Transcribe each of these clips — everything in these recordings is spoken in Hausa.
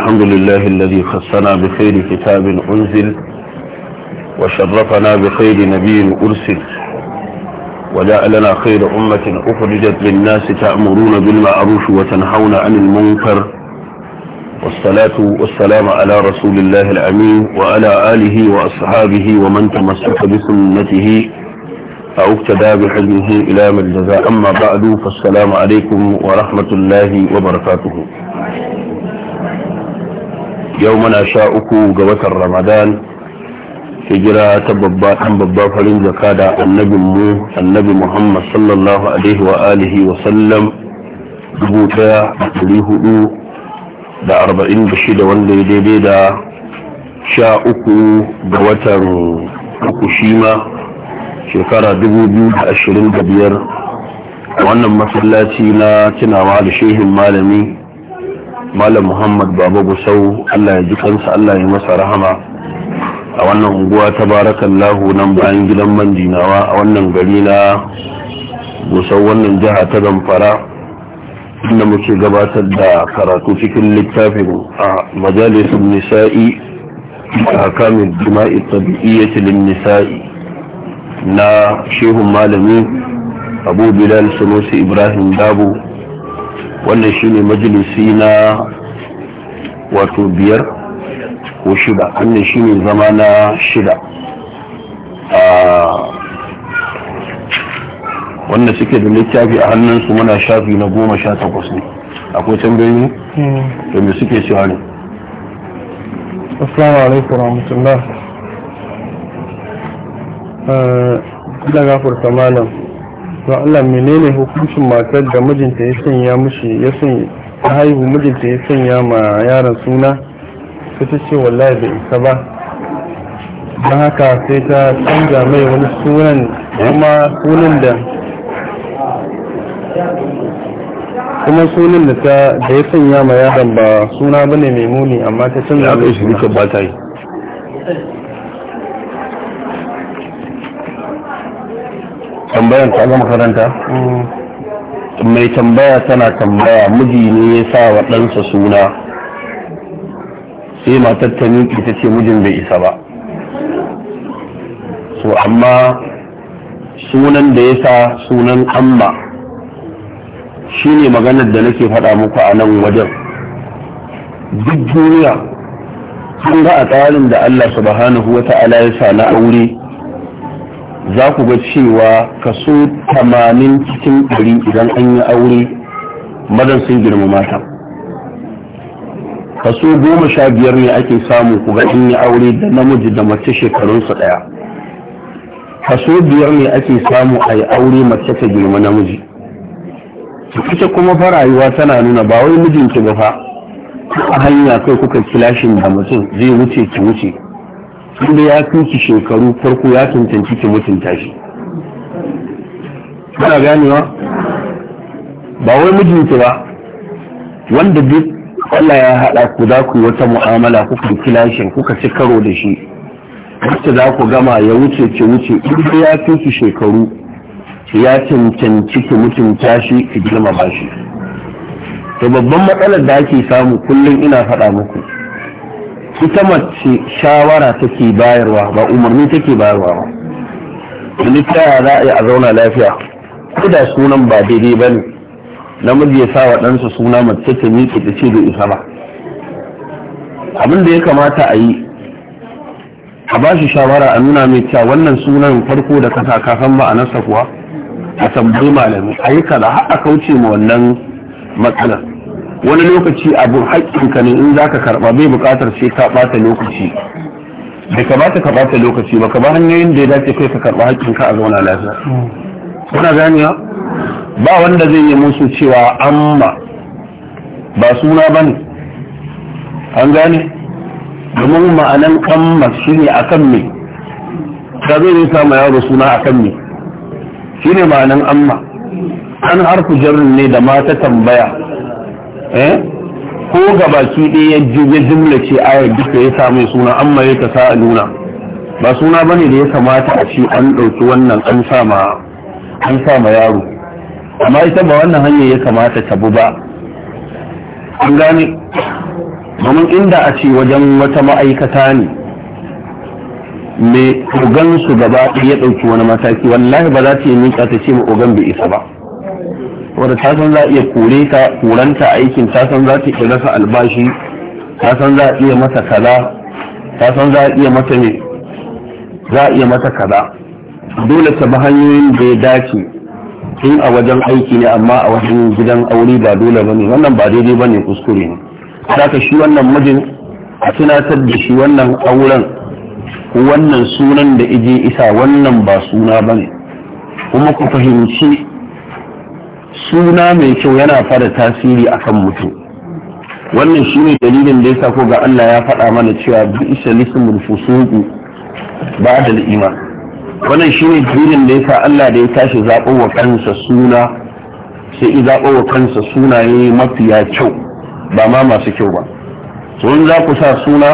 الحمد لله الذي خصنا بخير كتاب أنزل وشرفنا بخير نبي أرسل وجعلنا خير أمة أخرجت للناس تأمرون بالمعروف وتنهون عن المنكر والصلاة والسلام على رسول الله الأمين وعلى آله وأصحابه ومن تمسك بسنته أو اقتدى بحلمه إلى من جزاء أما بعد فالسلام عليكم ورحمة الله وبركاته yau muna sha uku ga watan ramadan hijira ta babba ɗan babba farin zaka da annabin mu annabi muhammad sallallahu alaihi wa alihi wa sallam dubu ɗaya da hudu da arba'in da shida wanda ya daidai da sha uku ga watan uku shima shekara dubu biyu da ashirin da biyar wannan masallaci na tunawa da shehin malami malam muhammad baba gusau allah ya ji kansa allah ya masa rahama a wannan unguwa ta barakallahu nan bayan gidan mandinawa a wannan gari na gusau wannan jiha ta zamfara inda muke gabatar da karatu cikin littafin a majalisun nisa'i a kamin jima'i tabi'iyyatilin nisa'i na shehun malami abu bilal sanusi ibrahim Dabu. wannan shine majalisi na wato biyar ko shida wannan shine zama na shida a wannan suke da littafi a hannunsu muna shafi na goma sha takwas ne akwai tambayoyi da hmm. suke cewa ne assalamu alaikum rahmatullah daga eh, furta malam to Allah menene hukuncin matar da mijinta ya sanya mishi ya sanya haihu mijinta ya sanya ma yaran suna ta ta ce wallahi bai isa ba don haka sai ta canza mai wani sunan kuma sunan da kuma sunan da ta da ya sanya ma yaron ba suna bane mai muni amma ta canza mai shi ba ta yi tambayar ta makaranta karanta mai tambaya tana tambaya miji ne ya sa wa ɗansa suna sai matar ta miƙi ce mijin bai isa ba so amma sunan da ya sa sunan amma shi ne maganar da nake faɗa muku a nan wajen duk duniya sun ga a tsarin da Allah subhanahu wa ta'ala ya sa na aure za ku ga cewa kaso 80 cikin ɗari idan an yi aure madan sun girma mata kaso 15 ne ake samu ku ga an yi aure da namiji da mace shekarunsa ɗaya, kaso biyar ne ake samu a yi aure mace ta girma namiji ita kuma fa rayuwa tana nuna ba wai mijinki ba fa a hanya kai kuka kilashin da mutum zai wuce ki wuce inda ya tuki shekaru farko ya cancanci ki mutunta shi kana ganewa ba wai mijinki ba wanda duk Allah ya haɗa ku za ku yi wata mu'amala kuka kilashin kuka ci karo da shi wacce za ku gama ya wuce ki wuce inda ya ki shekaru ya cancanci ki mutunta shi ki girma ba shi to babban matsalar da ake samu kullum ina faɗa muku ita mace shawara take bayarwa ba umarni take bayarwa ba wani ta za a yi a zauna lafiya ko da sunan ba daidai ba ne namiji ya sa wa ɗansa suna mace ta miƙe ta ce da isa ba abin da ya kamata a yi a ba shi shawara a nuna mai cewa wannan sunan farko da kasa kasan ma'anarsa kuwa a tambayi malami a yi kaza har a kauce ma wannan matsalar wani lokaci abu haƙƙinka ne in za ka karɓa bai buƙatar sai ka ɓata lokaci bai ɓata ka ɓata lokaci ba ka ba hanyoyin da ya dace kai ka karɓa haƙƙinka a zauna lafiya kuna ganiya ba wanda zai yi musu cewa amma ba suna ba ne an gane domin ma'anan amma shi ne a kan me ka zai ne sama yaro suna a kan me shi ne ma'anan amma an harfi jarin ne da mata tambaya Eh? ko ga baki ɗaya ya jimla ce ayar duka ya samu suna amma ya ta sa nuna ba suna bane da ya kamata a ce an ɗauki wannan an sama an yaro amma ita ba wannan hanyar ya kamata ta bu ba an gane domin inda a ce wajen wata ma'aikata ne mai ogan su gaba ya ɗauki wani mataki wallahi ba za ta yi ta ce ma ogan bai isa ba wanda ta san za a iya kore ta koranta aikin ta san za ta iya rasa albashi ta san za a iya mata kaza ta san za a iya mata ne za a iya mata kaza dole ta bi hanyoyin da ya dace tun a wajen aiki ne amma a wajen gidan aure ba dole ba ne wannan ba daidai ba ne kuskure ne ka shi wannan mijin a tunatar da shi wannan auren wannan sunan da ije isa wannan ba suna ba ne kuma ku fahimci suna mai kyau yana fara tasiri akan mutum wannan shine dalilin da yasa ko ga Allah ya faɗa mana cewa bi isa lismul fusuqu ba da iman wannan shine dalilin da yasa Allah da ya tashi zaɓo wa kansa suna sai i zaɓo wa kansa sunaye mafiya kyau ba ma masu kyau ba sun za ku sa suna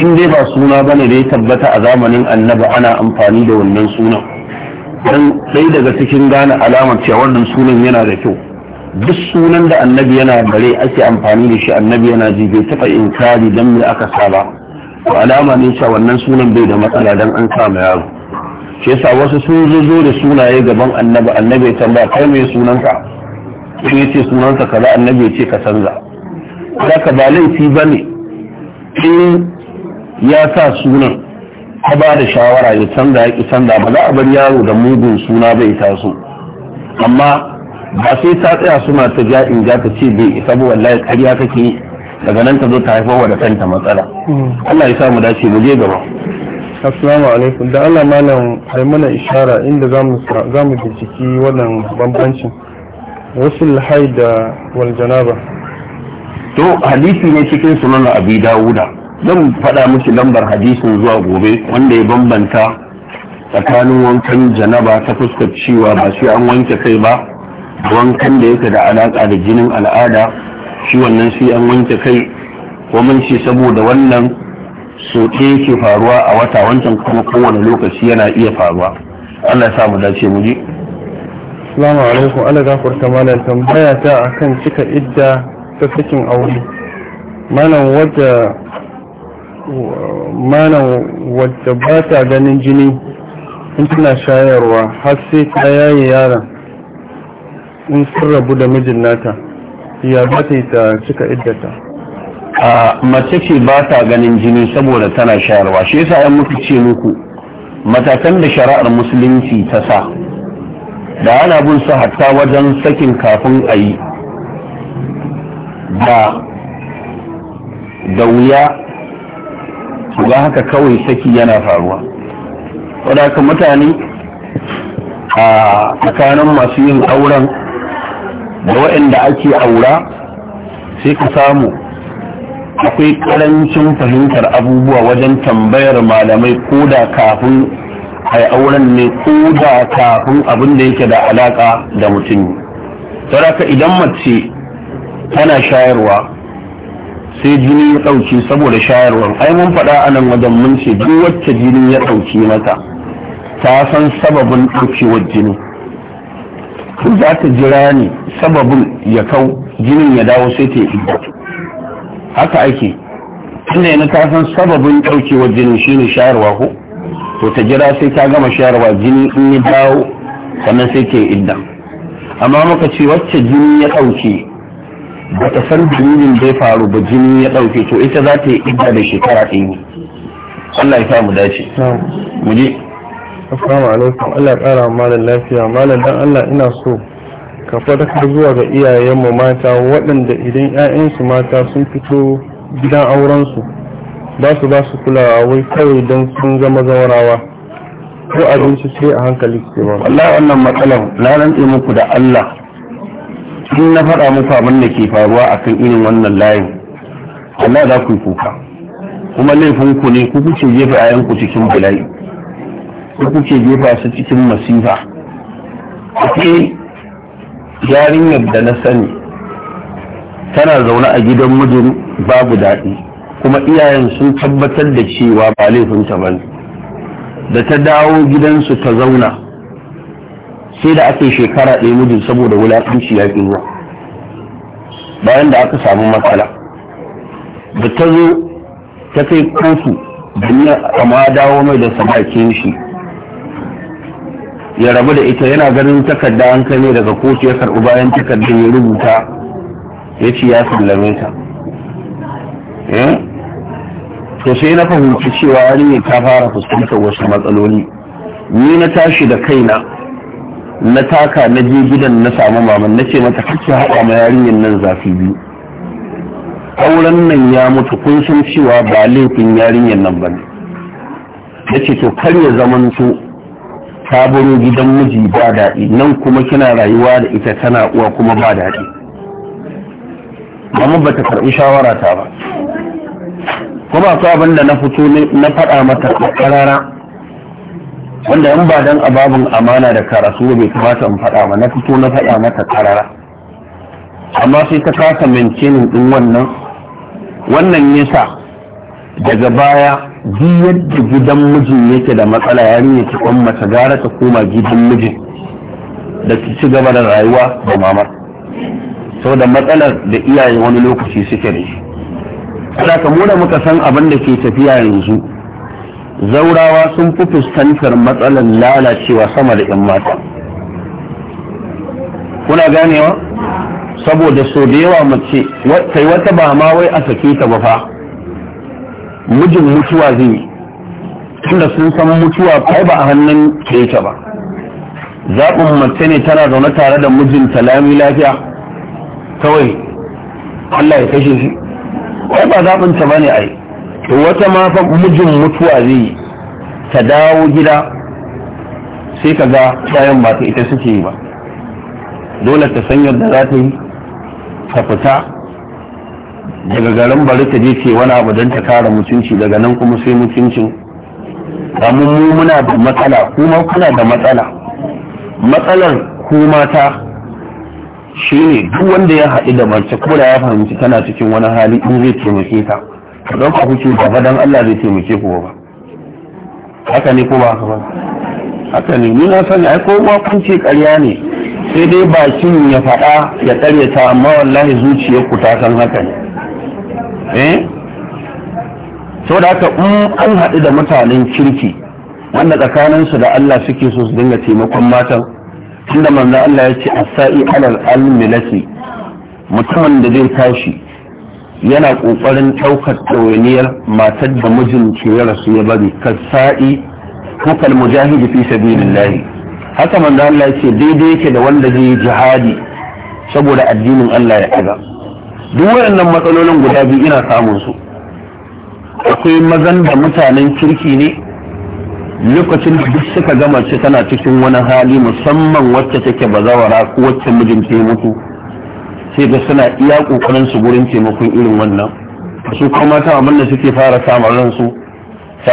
in dai ba suna bane da ya tabbata a zamanin annabi ana amfani da wannan sunan dan sai daga cikin gane alamar cewa wannan sunan yana da kyau duk sunan da annabi yana bare ake amfani da shi annabi yana ji bai taɓa inkari dan me aka sa ba to alama ne cewa wannan sunan bai da matsala dan an sa yaro shi yasa wasu sun zo da sunaye gaban annabi annabi ya tambaya kai me sunanka sai ya ce sunanka kaza annabi ya ce ka canza zaka ba laifi bane in ya sa sunan ta ba da shawara ya canza ya ki canza ba za a bar yaro da mugun suna bai taso amma ba sai ta tsaya suna ta ja in ja ta ce bai isa ba wallahi ƙarya kake daga nan ta zo ta haifar wa da kanta matsala hmm. Allah ya samu dace mu je gaba assalamu alaikum da Allah malam ai mana ishara inda zamu zamu bincike wannan bambancin wasul haida wal janaba to hadisi ne cikin sunan abi dawuda zan faɗa miki lambar hadisin zuwa gobe wanda ya bambanta tsakanin wankan janaba ta fuskar cewa ba sai an wanke kai ba wankan da yake da alaƙa da jinin al'ada shi wannan sai an wanke kai ko mun shi saboda wannan so yake faruwa a wata wancan kuma kowane lokaci yana iya faruwa Allah ya sa mu dace mu ji Salamu alaikum Allah gafarta malam tambaya ta akan cika idda ta sakin aure malam wadda Manan, wadda ba ta ganin jini in tana shayarwa har sai ta yaye yaron in sun rabu da mijin nata ya ba ta yi ta cika iddata a mace ce ba ta ganin jini saboda tana shayarwa shi yasa yan muka ce muku matakan da shari'ar musulunci ta sa da ana bin su hatta wajen sakin kafin a yi da wuya su ga haka kawai saki yana faruwa wadaka mutane a tsakanin masu yin auren da waɗanda ake aura sai ka samu akwai ƙarancin fahimtar abubuwa wajen tambayar malamai ko da kafin a yi auren ne ko da kafin abin da yake da alaƙa da mutum ka idan mace tana shayarwa sai jini ya ɗauke saboda shayarwar ai mun faɗa a nan wajen mun ce duk wacce jini ya ɗauke mata ta san sababin ɗaukewar jini za ta jira ne sababin ya kau jinin ya dawo sai ta yi haka ake tunda yana ta san sababin ɗaukewar jini shine shayarwa ko to ta jira sai ta gama shayarwa jini in ya dawo sannan sai ta yi idda amma muka ce wacce jini ya ɗauke ba ta san dalilin da faru ba jini ya ɗauke to ita za ta yi da shekara ɗaya Allah ya mu dace mu je assalamu alaikum Allah ya ƙara malam lafiya malam dan Allah ina so ka fadakar zuwa ga iyayen mu mata waɗanda idan 'ya'yansu mata sun fito gidan aurensu ba su ba su kulawa wai kawai dan sun zama rawa ko abinci sai a hankali ke ba wallahi wannan matsalar na rantse muku da Allah in na faɗa muku abin da ke faruwa a kan irin wannan layin Allah za ku yi kuka kuma laifin ku ne ku kuke jefa a ku cikin bala'i ku kuke jefa su cikin masifa ke yarinyar da na sani tana zaune a gidan mijin babu daɗi kuma iyayen sun tabbatar da cewa ba laifinta ba da ta dawo gidansu ta zauna sai da aka yi shekara ɗaya mijin saboda wulaƙanci ya ruwa bayan da aka samu matsala da ta zo ta kai kotu duniya amma dawo mai da sadakin shi ya rabu da ita yana ganin takarda an kai daga kotu ya karɓi bayan takardar ya rubuta ya ce ya sallame ta eh? to sai na fahimci cewa yarinyar ta fara fuskantar wasu matsaloli ni na tashi da kaina na taka na je gidan na samu maman na ce mata kake haɗa ma yarinyar nan zafi biyu auren nan ya mutu kun san cewa ba laifin yarinyar nan ba ne ya ce to kar ya zamanto ta gidan miji ba daɗi nan kuma kina rayuwa da ita tana uwa kuma ba daɗi amma ta karɓi shawara ta ba kuma akwai abin da na fito na faɗa mata a ƙarara wanda in ba dan ababin amana da karasu bai kamata in faɗa ba na fito na faɗa mata karara amma sai ta kasa maintaining din wannan wannan yasa daga baya duk yadda gidan mijin yake da matsala yarinya ci kwan mata gara ta koma gidan mijin da ta ci gaba da rayuwa da mamar saboda matsalar da iyaye wani lokaci suke da shi. Kada ka mu muka san abin da ke tafiya yanzu zaurawa sun fi fuskantar matsalar lalacewa sama da 'yan mata kuna ganewa saboda so da yawa mace kai wata ba ma wai a sake ta ba fa mijin mutuwa zai yi tunda sun san mutuwa kai ba a hannun keta ba zaɓin mace ne tana zaune tare da mijinta talami lafiya kawai Allah ya kashe shi wai ba zaɓinta ba ne a yi to wata ma mijin mutuwa zai yi, ta dawo gida sai ka ga bayan ba ta ita suke yi ba dole ta san yadda za ta yi ta fita daga garin bari ta je ce wani abu don ta kara mutunci daga nan kuma sai mutuncin amma mu muna da matsala kuma kuna da matsala matsalar ta shi shine duk wanda ya haɗu da mace kuma ya fahimci tana cikin wani hali in zai taimake ta ka don ku kuke ba don Allah zai taimake ku ba haka ne ko ba haka ba haka ne ni na sani ai kowa kun ce ƙarya ne sai dai bakin ya faɗa ya ƙaryata amma wallahi zuciyar ku ta san haka ne eh da haka in an haɗu da mutanen kirki wanda tsakaninsu da Allah suke so su dinga taimakon matan tunda manzo Allah ya ce asai alal almilati mutumin da zai tashi yana ƙoƙarin ɗaukar ɗawainiyar matar da mijin ke ya rasu ya bari ka sa'i hukal mujahidi fi lahi. haka manzo Allah yake daidai yake da wanda zai yi jihadi saboda addinin Allah ya ɗaga duk waɗannan matsalolin guda biyu ina samun su akwai mazan da mutanen kirki ne lokacin da duk suka gama ce tana cikin wani hali musamman wacce take bazawara ko wacce mijinta ya mutu sai ga suna iya kokarin su gurin taimakon irin wannan su kuma mata abin da suke fara samun ransu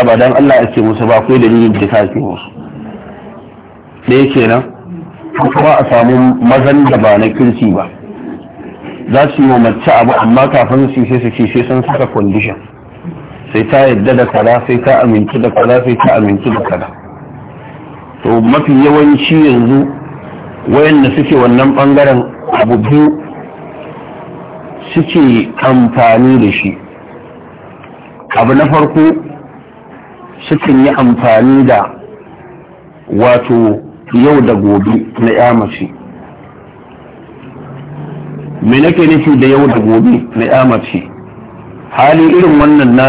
ba dan Allah ya ce musu ba kai dalilin da kake musu da yake nan kuma a samu mazan da ba na kirki ba za su yi wa mace abu amma kafin su sai su ce sai sun saka condition sai ta yadda da kada sai ta amince da kada sai ta amince da kada to mafi yawanci yanzu wayanda suke wannan bangaren abu biyu suke amfani da shi abu na farko sukan yi amfani da wato yau da gobe na yamaci mace me nake nufi da yau da gobe na yamaci hali irin wannan na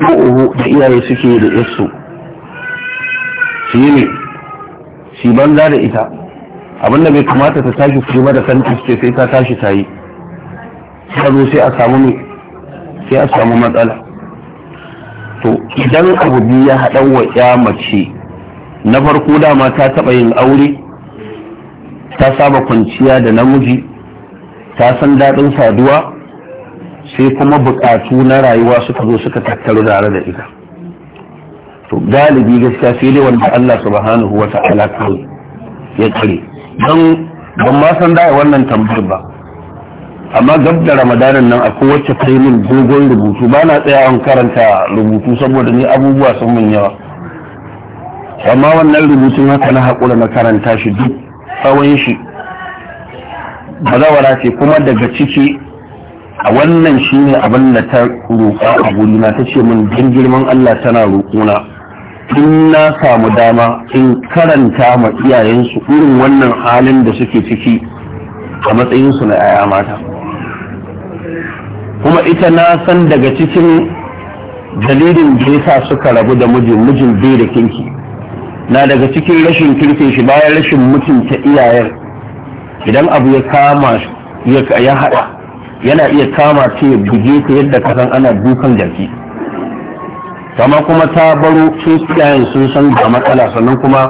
ƙo'o da iyaye suke da yasu su ne shi banza da ita abinda bai kamata ta tashi su da kanta suke sai ta tashi ta yi sai a samu ne sai a samu matsala to idan abu biyu ya haɗa wa ya mace na farko dama ta taɓa yin aure ta saba kwanciya da namiji ta san daɗin saduwa sai kuma buƙatu na rayuwa suka zo suka tattaru tare da ita to galibi gaskiya sai dai wanda Allah subhanahu wa ta'ala kawai ya tsare don ban ma san da wannan tambayar ba amma gab da ramadanin nan a kowace kai min dogon rubutu ba na tsaya an karanta rubutu saboda ni abubuwa sun mun yawa amma wannan rubutun haka na haƙura na karanta shi duk tsawon shi bazawara ce kuma daga ciki a wannan shi ne abin da ta roƙa a gurina ta ce min don girman Allah tana roƙona in na samu dama in karanta ma iyayensu irin wannan halin da suke ciki a matsayinsu na 'ya'ya mata kuma ita na san daga cikin dalilin da ya sa suka rabu da mijin mijin bai da kinki na daga cikin rashin kirkin shi bayan rashin mutunta iyayen idan abu ya kama ya haɗa yana iya kama ce buge ka yadda ka san ana dukan jarki kama kuma ta baro sun iyayen sun san ga matsala sannan kuma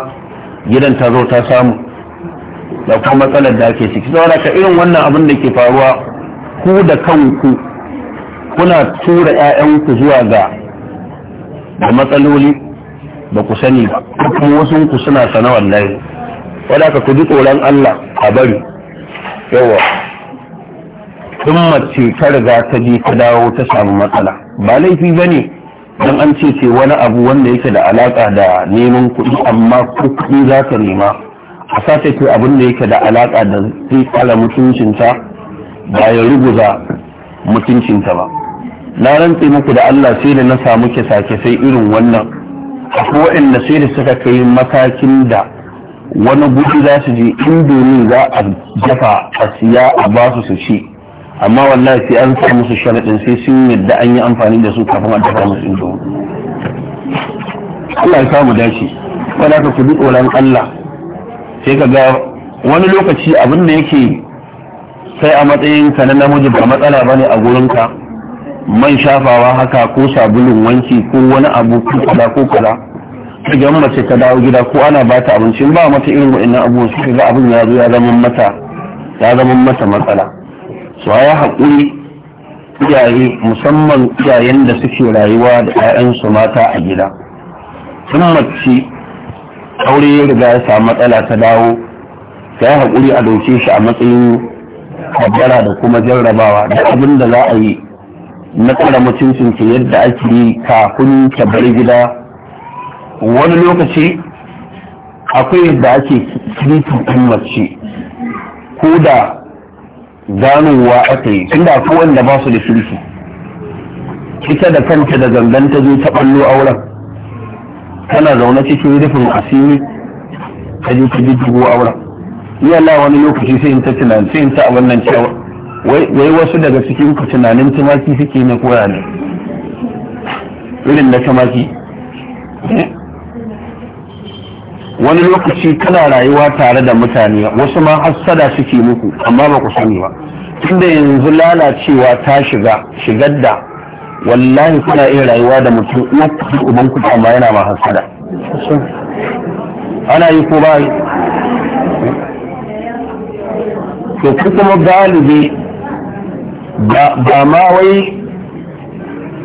gidan ta zo ta samu da kuma matsalar da ake ciki saboda ka irin wannan abin da ke faruwa ku da kanku kuna tura 'ya'yanku zuwa ga da matsaloli ba ku sani ba kuma wasu ku suna sana wallahi wadaka ka ku ji tsoron Allah a bari yawa tun mace ta riga ta je ta dawo ta samu matsala ba laifi ba ne don an ce ce wani abu wanda yake da alaka da neman kuɗi amma kuɗi za ka nema a sace ce abin da yake da alaka da zai kala mutuncinta ba ya ruguza mutuncinta ba na rantse muku da Allah sai da na samu sake sai irin wannan akwai waɗanda sai da suka kai matakin da wani gudu za su je indomi za a jafa a siya a ba su su ci amma wallahi sai an sa musu sharaɗin sai sun yadda an yi amfani da su kafin a dafa musu indomi Allah ya samu dace wanda ka ku tsoron Allah sai ka ga wani lokaci abin da yake Sai a matsayin ka na namiji ba matsala bane a gurinka man shafawa haka ko sabulun wanki ko wani abu ko kaza ko kaza idan mace ta dawo gida ko ana ba ta abinci ba mata irin wa'annan abu su ga abin ya zo ya zama mata ya zama mata matsala so ya haƙuri iyaye musamman iyayen da suke rayuwa da 'ya'yansu mata a gida sun mace aure ya riga ya samu matsala ta dawo ya haƙuri a dauke shi a matsayin kabbara da kuma jarrabawa da abin da za a yi na tsara mutuncin ke yadda ake yi kafin ka bar gida wani lokaci akwai yadda ake kirkin ɗin mace ko da ganowa aka yi tunda akwai wanda ba su da kirki ita da kanta da gangan ta zo ta ɓallo auren tana zaune cikin rufin asiri ta je ta auren ni Allah wani lokaci sai in ta tunan sai in ta wannan cewa wai wasu daga cikin ku tunanin tumaki suke ne koya ne irin na tumaki eh? wani lokaci kana rayuwa tare da mutane wasu ma hassada suke muku amma ba ku sani ba tunda yanzu lalacewa ta shiga shigar da wallahi kuna iya rayuwa da mutum uku uban ku amma yana ma hassada ana yi ko ba to kuma galibi ba ma wai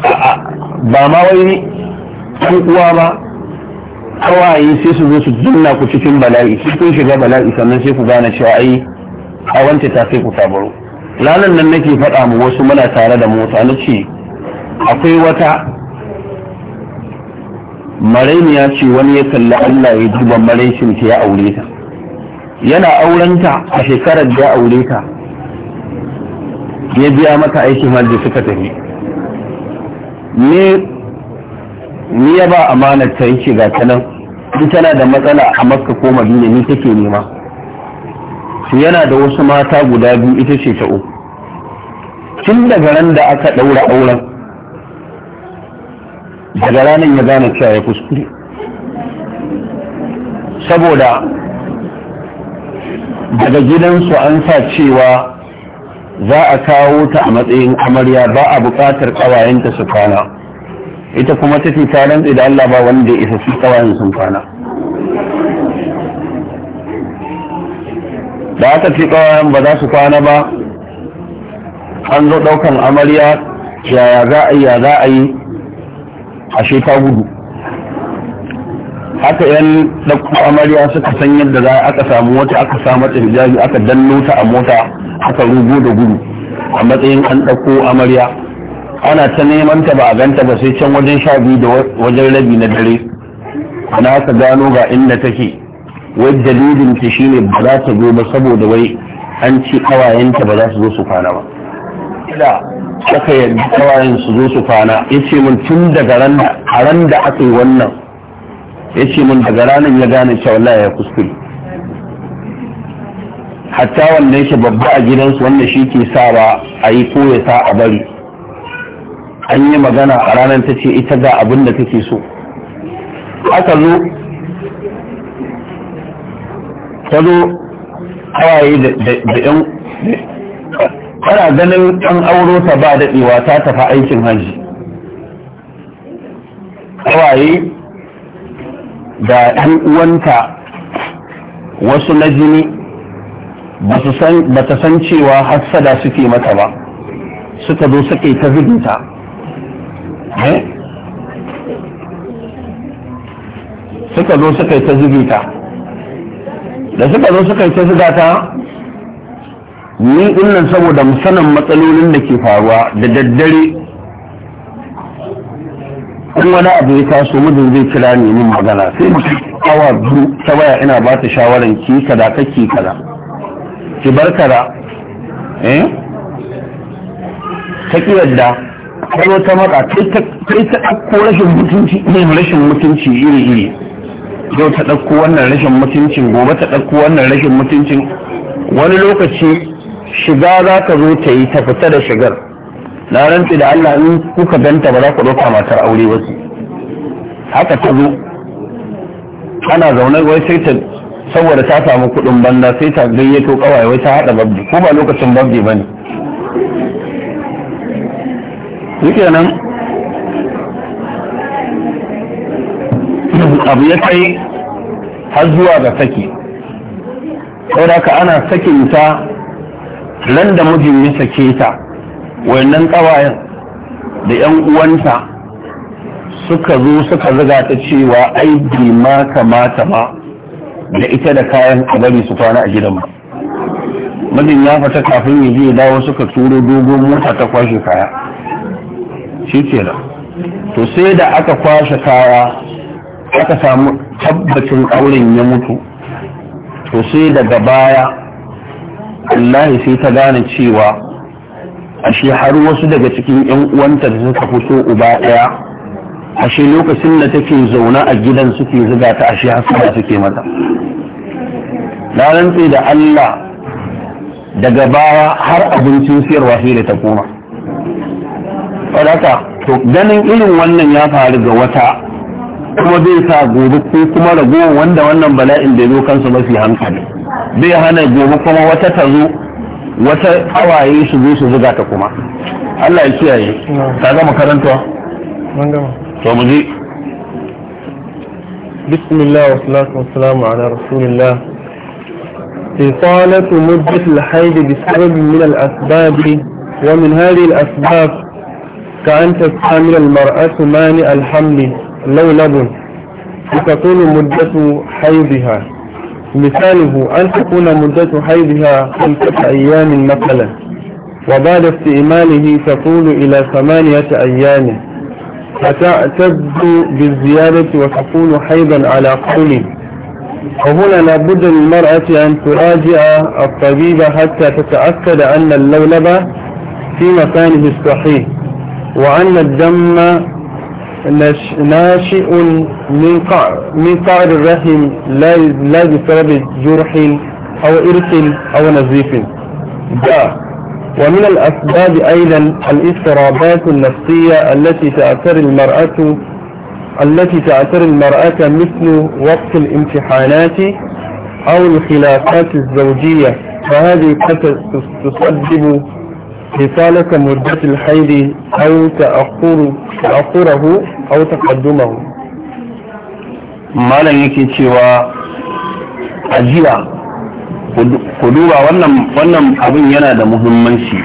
ba ɗan uwa ba kawai sai su zo su jinna ku cikin bala'i su kun shiga bala'i sannan sai ku gane cewa ai wancan ta sai ku sabaro lanan nan nake faɗa mu wasu muna tare da mota na ce akwai wata maraimiya ce wani ya kalli Allah ya duba maraicin ta ya aure ta yana aurenta a shekarar da ya aure ta ya biya mata aikin hajji suka tafi ne ni ya ba amanar ta yi shiga ta nan in tana da matsala a makka ko madina ni take nema su yana da wasu mata guda biyu ita ce ta uku tun daga ran da aka ɗaura auren daga ranar ya gane cewa ya kuskure saboda daga gidansu an sa cewa za a kawo ta a matsayin amarya ba a buƙatar ƙawayenta su kwana ita kuma ta fi ta rantse da Allah ba wanda ya isa su ƙawayen sun kwana da aka fi ƙawayen ba za su kwana ba an zo ɗaukan amarya ya za a yi ya za a yi ashe ta gudu haka yan ɗauko amarya suka san yadda za aka samu wata aka samu ta hijabi aka danno ta a mota aka rugo da gudu a matsayin an ɗauko amarya ana ta neman ta ba a ganta ba sai can wajen sha biyu da wajen rabi na dare ana aka gano ga inda take wai dalilin ta shine ba za ta zo ba saboda wai an ci kawayenta ba za su zo su kwana ba aka yadda kawayen su zo su kwana ya ce min tun daga ran da aka yi wannan ya ce mun daga ranar ya gane cewa ya kuskure hatta wanda yake babba a gidansu wanda shi ke sa ba a yi ko ya sa a bari an yi magana a ranar ta ce ita ga abin da take so aka zo ta zo hawaye da yan ganin an auro ta ba daɗewa ta tafi aikin hajji hawaye da ɗan uwanta wasu na jini ba ta san cewa hassada suke mata ba suka zo suke ta zubinta eh? suka zo suka yi ta zubita da suka zo suka yi ta zubata ni dinnan saboda musanan matsalolin da ke faruwa da daddare in wani abu ya taso mijin zai kira ni min magana sai awa biyu ta waya ina ba ta shawaran ki kada kake kada ki bar kada eh ta ki yadda kai wata maka kai ta ɗauko rashin mutunci ne rashin mutunci iri iri yau ta ɗauko wannan rashin mutuncin gobe ta ɗauko wannan rashin mutuncin wani lokaci shiga za ka zo ta yi ta fita da shigar na rantsi da Allah in kuka ganta ba za ku ɗauka matar aure ba haka ta zo ana zaune wai sai ta saboda ta samu kuɗin banda sai ta gayyato kawai wai ta haɗa babdi ko ba lokacin babbi ba ne yake nan abu ya kai har zuwa ga saki saboda ka ana sakin ta nan da mijin ya sake ta wannan kawayen da yan uwanta suka zo suka zuga ta cewa ai ma kamata ma da ita da kayan a su kwana a gidan ba mijin ya fata kafin ya je dawo suka turo dogon mota ta kwashe kaya shi da to sai da aka kwashe kaya aka samu tabbacin ƙaurin ya mutu to sai daga baya Allah sai ta gane cewa ashe har wasu daga cikin yan uwanta da suka fito uba ɗaya ashe lokacin da take zaune a gidan suke zuga ta ashe hasara suke mata na rantse da Allah daga baya har abincin siyarwa sai da ta koma wadaka to ganin irin wannan ya faru ga wata kuma zai sa gobe ko kuma ragowa wanda wannan bala'in da zo kansu mafi hankali bai hana gobe kuma wata ta zo wata su su zuga ta kuma Allah ya kiyaye ta gama to mu بسم الله والصلاة والسلام على رسول الله إطالة مدة الحيض بسبب من الأسباب ومن هذه الأسباب كأن تستعمل المرأة مانع الحمل لو لبن فتكون مدة حيضها مثاله أن تكون مدة حيضها خمسة أيام مثلا وبعد استئماله تطول إلى ثمانية أيام فتعتد بالزيادة وتكون حيضا على قوله وهنا لابد للمرأة أن تراجع الطبيب حتى تتأكد أن اللولب في مكانه الصحيح وأن الدم ناشئ من من قعر الرحم لا لا بسبب جرح أو إرث أو نزيف ب ومن الأسباب أيضا الاضطرابات النفسية التي تأثر المرأة التي تأثر المرأة مثل وقت الامتحانات أو الخلافات الزوجية فهذه قد تسبب رسالة مدة الحيض أو تأخر تأخره أو تقدمه ما لن يكي سوى أجيرا قدوبة wannan abin yana da muhimmanci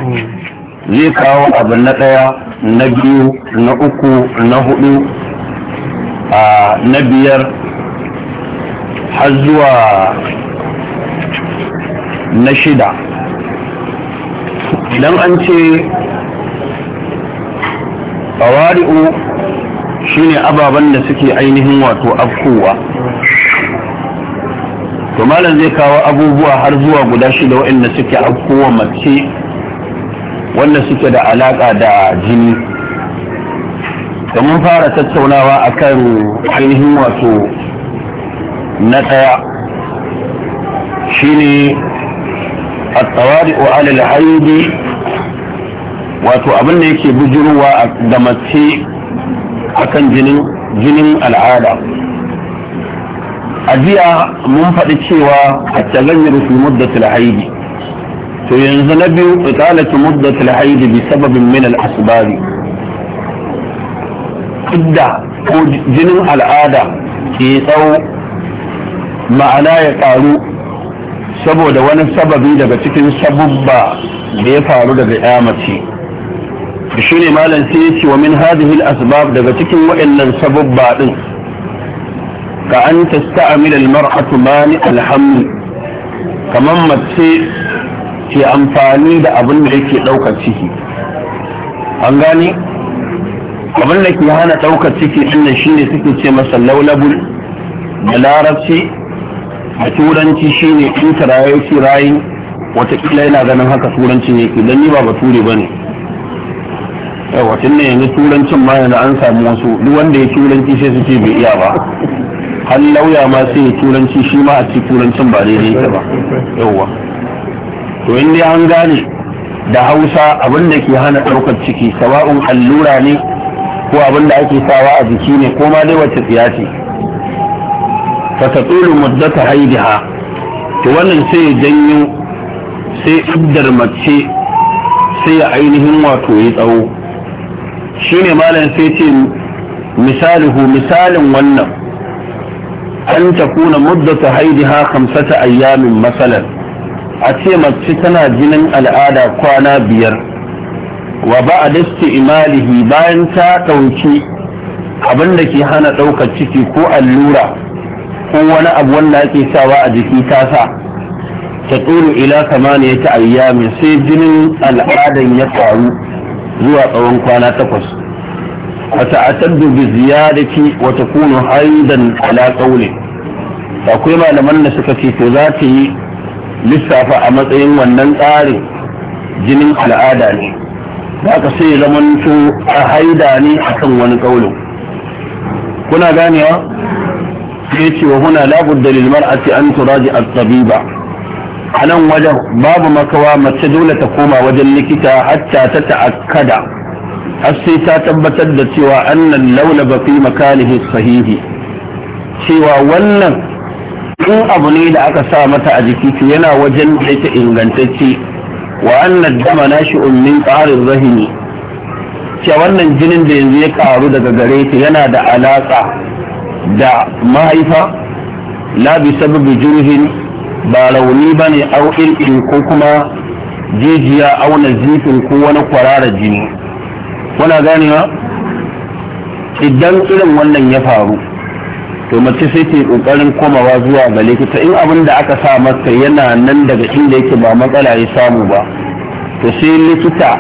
zai kawo abu na ɗaya na biyu na uku na hudu na biyar har zuwa na shida idan an ce ƙawari'u ne ababen da suke ainihin wato afkowa to malam zai kawo abubuwa har zuwa guda shida waɗanda suke afkowa mace wanda suke da alaƙa da jini da mun fara tattaunawa akan ainihin wato na ɗaya shi ne. الطوارئ على الحيض وتقابلنا يكي بجروة دمتي أكن جنين جنين العادة أجيئة منفقة شوى التغير في مدة الحيض فينزل بيو إطالة مدة الحيض بسبب من الأسباب قد جنين العادة كي تو معناه قالوا saboda wani sababi daga cikin sabubba da ya faru daga yamace shi ne malam sai ya ce wa min hadhihi al-asbab daga cikin waɗannan sabubba din ka an tasta'mil al-mar'atu mani al-hamd kaman mace ke amfani da abin da yake daukar ciki an gane abin da ke hana daukar ciki din shine suke ce masa laulabul da larabci a turanci shine in shi kiraye watakila yana ganin haka turancin yake don ni ba bature ba ne wacin ne yanzu turancin ma yanzu an samu wasu duk wanda ya turanci sai su ce bai iya ba har lauya ma sai ya turanci shi ma a ci turancin ba daidai ta ba yauwa to in dai an gane da hausa abin da ke hana ɗaukar ciki sawa'un allura ne ko abin da ake sawa a jiki ne ko ma dai wacce tsiya ce fa tatulu muddata haidiha to wannan sai ya janyo sai iddar mace sai ya ainihin wato ya tsawo ne malam sai ce misalihu misalin wannan an takuna muddata haidiha khamsata ayyamin masalan a ce mace tana jinin al'ada kwana biyar wa ba a imalihi bayan ta ɗauki abin da ke hana ɗaukar ciki ko allura ko wani abu wanda ake sawa a jiki ta sa ta tsoro ila samaniya ta ayyami sai jinin al'adan ya faru zuwa tsawon kwana takwas wata ataddu bi ziyadati wata kuno haidan ala qawli akwai malaman da suka ce to za ta yi lissafa a matsayin wannan tsarin jinin al'ada ne za ka sai zamanto a haida ne akan wani kaulin kuna ganewa sai ya ce wa huna lilmar lil an turaji a tabiba a nan wajen babu makawa mace dole ta koma wajen likita hatta ta ta'akkada har sai ta tabbatar da cewa annan launa ba fi makanihi sahihi cewa wannan in abu ne da aka sa mata a jiki yana wajen da ta ingantacce wa annan dama nashi ummin ƙarin rahimi cewa wannan jinin da yanzu ya karu daga gare ta yana da alaƙa da mahaifa la bi sababi jurhin ba rauni ba ne au ko kuma jijiya au nazifin ko wani kwararar jini wana ganewa idan irin wannan ya faru to mace sai ta yi kokarin komawa zuwa ga likita in abin da aka sa masa yana nan daga inda yake ba matsala ya samu ba to sai likita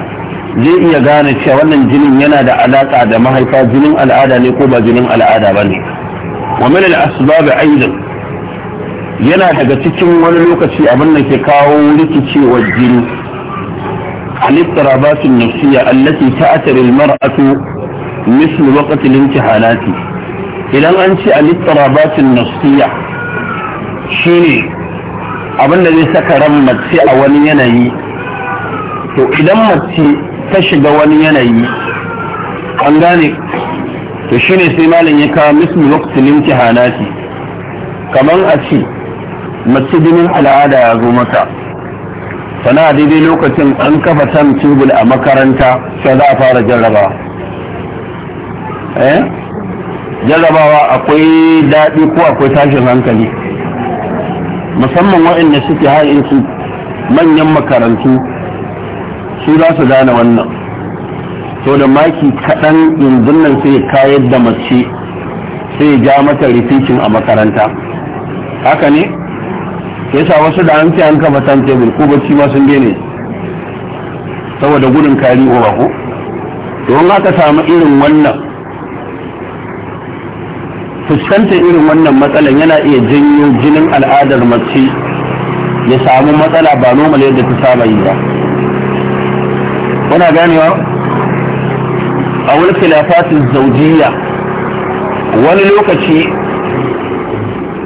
zai iya gane cewa wannan jinin yana da alaka da mahaifa jinin al'ada ne ko ba jinin al'ada ba ne ومن الأسباب أيضا ينا هذا تتم ونلوك في أبنى كاو لتتي والجن عن الترابات النفسية التي تأثر المرأة مثل وقت الامتحانات إلى أن عن الترابات النفسية شيني أبنى ذي سكر المدفع ونيني إذا المدفع تشد ونيني أنداني to shine sai malam ya kawo mismi waqtil imtihanati Kamar a ce mace jinin al'ada ya zo mata sana daidai lokacin an kafa tam tubul a makaranta sai za a fara jarraba eh jarrabawa akwai daɗi ko akwai tashin hankali musamman waɗanda suke haɗin su manyan makarantu su za su gane wannan to da maki kaɗan yanzu nan sai kayar da mace sai ja mata rikicin a makaranta haka ne yasa wasu da an ce an kafa san tebul ko bacci ma sun daina saboda gudun kari uwa ko don aka samu irin wannan fuskantar irin wannan matsalan yana iya janyo jinin al'adar mace ya samu matsala ba normal yadda ta saba yi ba kuna ganewa a wani khilafatin zaujiya wani lokaci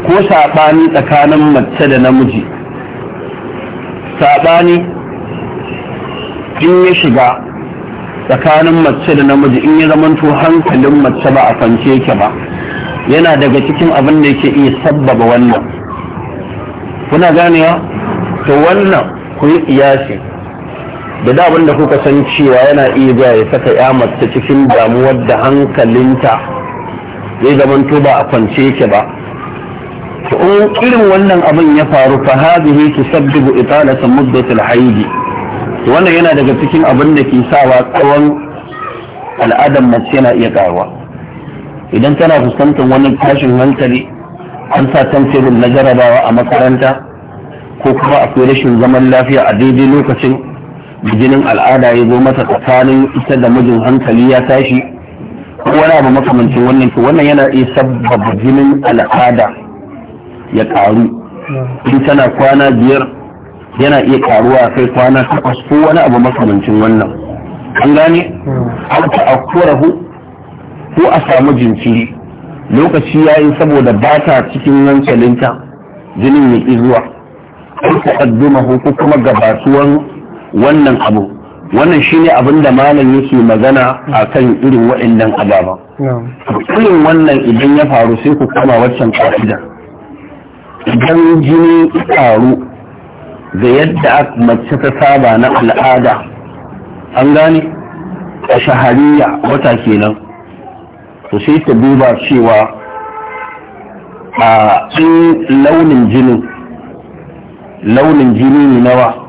ko saɓani tsakanin mace da namiji saɓani in ya shiga tsakanin mace da namiji in ya zamanto hankalin mace ba a kwance yake ba yana daga cikin abin da yake iya sabbaba wannan kuna ganewa to wannan ku yi ƙiyasi da daban da kuka san cewa yana iya ja ya saka ya mace cikin damuwar da hankalinta zai zamanto ba a kwance yake ba to in irin wannan abin ya faru fa hadhihi tusabbibu italata muddatil hayd wannan yana daga cikin abin da ke sawa tsawon al'adar mace yana iya karuwa idan tana fuskantar wani tashin hankali an sa tebur na jarabawa a makaranta ko kuma akwai rashin zaman lafiya a daidai lokacin da jinin al'ada ya zo masa tsakanin ita da mijin hankali ya tashi ko wani abu makamancin wannan ko wannan yana iya sabbaba jinin al'ada ya karu in tana kwana biyar yana iya karuwa kai kwana takwas ko wani abu makamancin wannan an gane an korahu ko a samu jinciri lokaci ya yi saboda ba ta cikin hankalinta jinin ya ƙi zuwa ko ko kuma gabatuwan wannan abu wannan shine abin da malam yake magana a kan irin waɗannan ababan, irin wannan idan ya faru sai ku kama waccan ƙa'ida idan jini faru da yadda mace ta saba na al'ada an gane a shahariya wata kenan to sai ta duba cewa a launin jinin launin jini ne nawa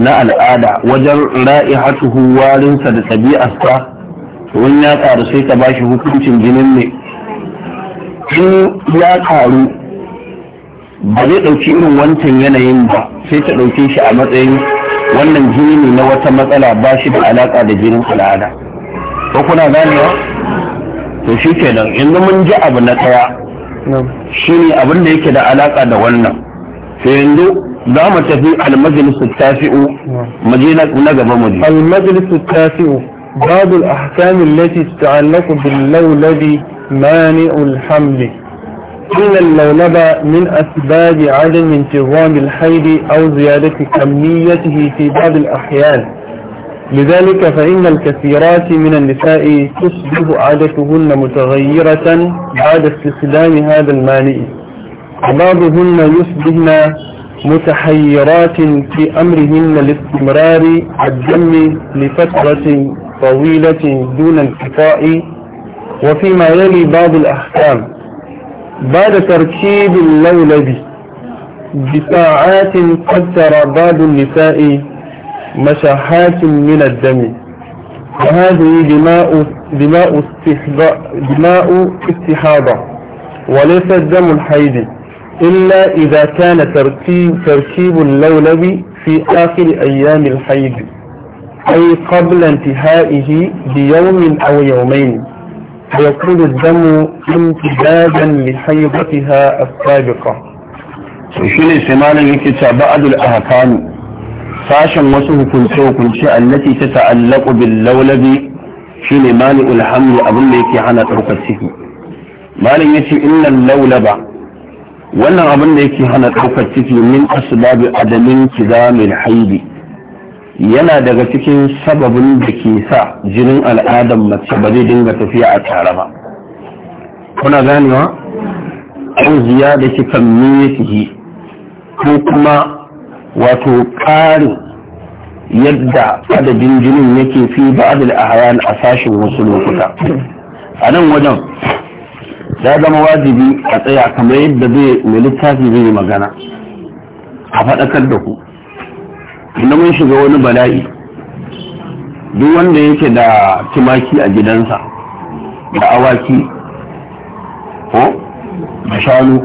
na al'ada wajen ra'ihatuhu warinsa da ɗabi'arsa wani ya karu sai ka bashi hukuncin jinin ne in ya karu ba zai ɗauki irin wancan yanayin ba sai ta ɗauke shi a matsayin wannan jini ne na wata matsala ba shi da alaƙa da jinin al'ada ko kuna ganewa to shi kenan yanzu mun ji abu na ɗaya shi ne abin da yake da alaƙa da wannan sai yanzu za mu tafi al-majlis at-tasi'u madina na gaba الأحكام التي تتعلق باللولب مانع الحمل إن اللولب من أسباب عدم انتظام الحيض أو زيادة كميته في بعض الأحيان لذلك فإن الكثيرات من النساء تصبح عادتهن متغيرة بعد استخدام هذا المانع بعضهن يصبحن متحيرات في أمرهن لاستمرار الدم لفترة طويلة دون انقطاع وفيما يلي بعض الأحكام بعد تركيب اللولب بساعات قد ترى بعض النساء مشاحات من الدم وهذه دماء دماء استحضاء دماء استحاضة وليس دم الحيدي إلا إذا كان تركيب, تركيب اللولب في آخر أيام الحيض أي قبل انتهائه بيوم أو يومين فيكون الدم امتدادا لحيضتها السابقة شيني سمالي يكي بعد الأهكام ساشا وسه كنتو كنشي التي تتعلق باللولب شيني مالئ الحمل أظن يكي عنا تركته مالئ يكي إلا اللولب wannan abin da yake hana ɗaukar ciki min asbabi adamin kizamil haidi yana daga cikin sababin da ke sa jinin al'adar mace ba zai dinga tafiya a tare ba kuna ganewa ko ziyada da kikan miyatihi ko kuma wato ƙarin yadda adadin jinin yake fi ba'adul ahyan a sashin wasu lokuta a nan wajen ya zama wajibi a tsaya kamar yadda zai mai littafi zai yi magana a faɗakar da ku inda mun shiga wani bala'i duk wanda yake da tumaki a gidansa da awaki ko da shanu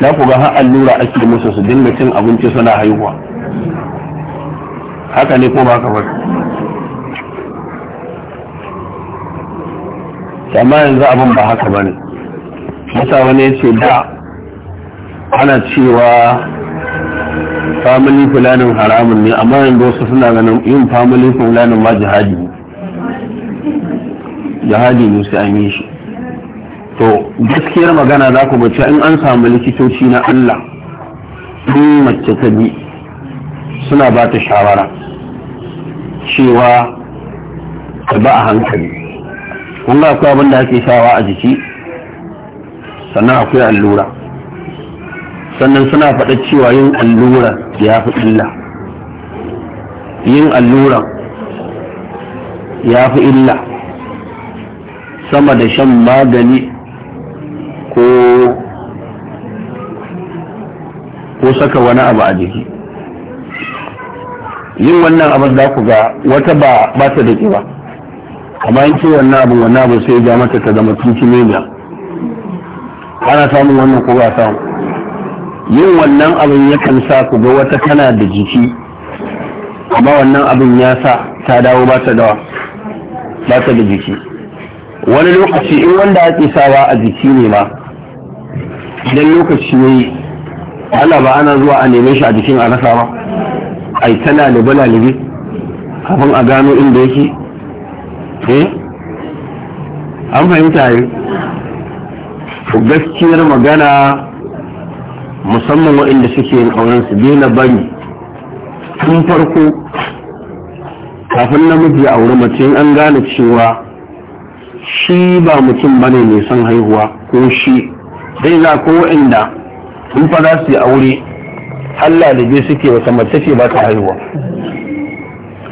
za ku ga har allura ake musu su dinga cin abinci suna haihuwa haka ne ko ba ka bari amma yanzu abin ba haka ba ne mata wani ya ce da ana cewa family fulanin haramun ne amma yanzu wasu suna ganin yin family fulanin ma jihadi ne jihadi ne sai an yi shi to gaskiyar magana za ku bace in an samu likitoci na Allah in mace ta bi suna ba ta shawara cewa ta ba a hankali kun ga akwai abin da ake shawa a jiki sannan akwai allura sannan suna faɗa cewa yin allura ya fi illa yin allura ya fi illa sama da shan magani ko ko saka wani abu a jiki yin wannan abin za ku ga wata ba ta da ƙiba amma yin ce wannan abu wannan abu sai ya mata ta zama tunci mai ana samun wannan ko ba samu yin wannan abin yakan sa ku ga wata tana da jiki amma wannan abin ya sa ta dawo ba ta dawa ba ta da jiki wani lokaci in wanda ake sawa a jiki ne ma idan lokaci ne Allah ba ana zuwa a neme shi a jikin a rasa ba ai tana da balalibi kafin a gano inda yake eh an fahimta yi Ku gaskiyar magana musamman waɗanda suke yin auren su daina bari tun farko kafin namiji ya auri mace an gane cewa shi ba mutum bane mai son haihuwa ko shi dai za ko waɗanda in fa su yi aure Allah da bai suke wata mace ce ba ta haihuwa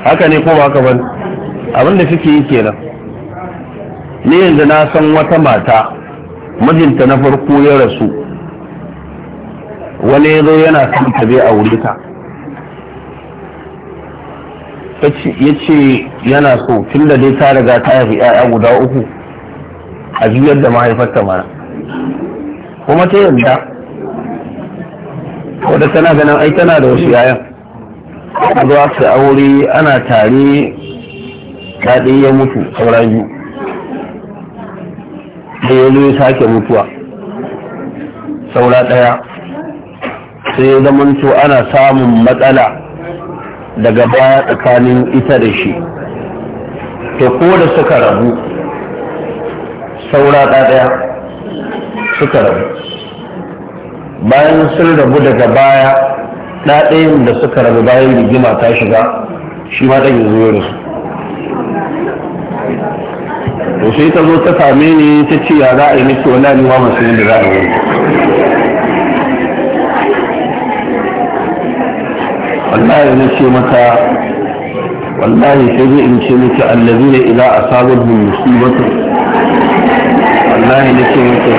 haka ne ko ba haka bane abinda suke yi kenan ni yanzu na san wata mata mijinta na farko ya rasu wani ya zo yana son ta a wuri ta ya ce yana so tun da dai ta riga ta haifi 'ya'ya guda uku a juyar da mahaifarta mana kuma ta yadda wadda tana ganin ai tana da wasu 'ya'yan a zuwa su aure ana tare ta ya mutu saura biyu sai ya zo ya sake mutuwa saura ɗaya sai ya to ana samun matsala daga baya tsakanin ita da shi to ko da suka rabu saura ɗaya suka rabu bayan sun rabu daga baya ɗaɗayin da suka rabu bayan rigima ta shiga shi ma ɗan yanzu da su. to sai ta zo ta same ni ta ce ya za a yi miki wani ni ma masu yadda za a yi wallahi na ce mata wallahi sai zai in ce miki allazi ne idan a sabon bin musibatu wallahi na ce mata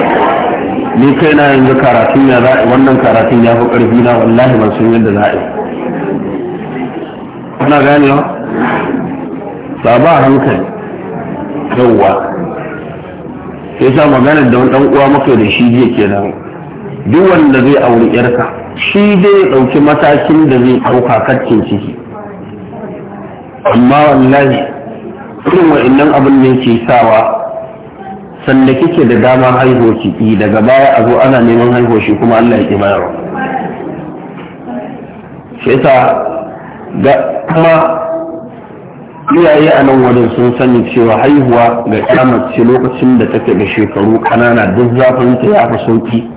ni kai na yanzu karatun ya za wannan karatun ya fi ƙarfi na wallahi ban san yadda za a yi kuna ganewa ba ba hankali yauwa sai sa maganar da wani uwa maka da shi jiya kenan duk wanda zai auri yarka shi zai ɗauki matakin da zai ɗauka kacin ciki amma wallahi irin wa'annan abin da yake sawa sanda kike da dama haihuwa ki daga baya a zo ana neman haihuwa shi kuma Allah ya ki bayarwa sai kuma iyaye a nan wajen sun sani cewa haihuwa ga kyamar ce lokacin da take da shekaru kanana duk zafin ta ya fi sauki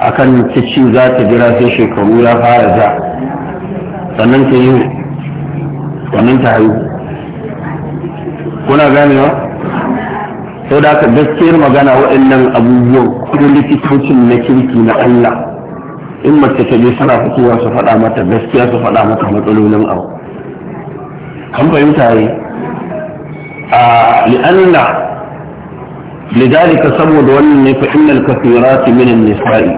akan kan ci za ta jira sai shekaru ya fara za, sannan ta yi sannan ta haihu kuna ganewa sau da aka gaskiyar magana waɗannan abubuwan kudin likitocin na kirki na Allah in mace ta je suna fitowa su faɗa mata gaskiya su faɗa mata matsalolin abu kan fahimta ne a li'anna lidalika saboda wannan ne fa innal su minin nisa'i